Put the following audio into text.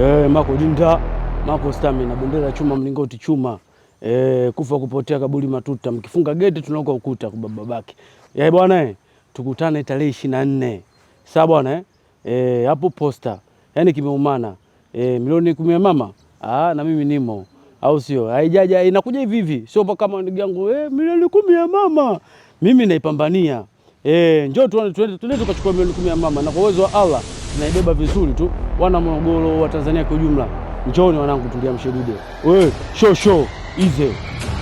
Eh, mako dinda mako stamina, bendera chuma, mlingoti chuma, eh, kufa kupotea kaburi matuta, mkifunga geti tunaoka ukuta kwa babake. Eh bwana, eh, tukutane tarehe ishirini na nne sawa bwana eh, eh hapo posta, yani kimeumana eh, milioni kumi ya mama ah, na mimi nimo au sio? Haijaja, inakuja hivi hivi, sio kama ndugu yangu eh, milioni kumi ya mama mimi naipambania. Eh, njoo tuone, tuende tukachukua milioni kumi ya mama na kwa uwezo wa Allah tunaibeba vizuri tu. Wana Morogoro wa Tanzania kwa ujumla, njooni wanangu, tuliamshe dude. Wewe shosho ize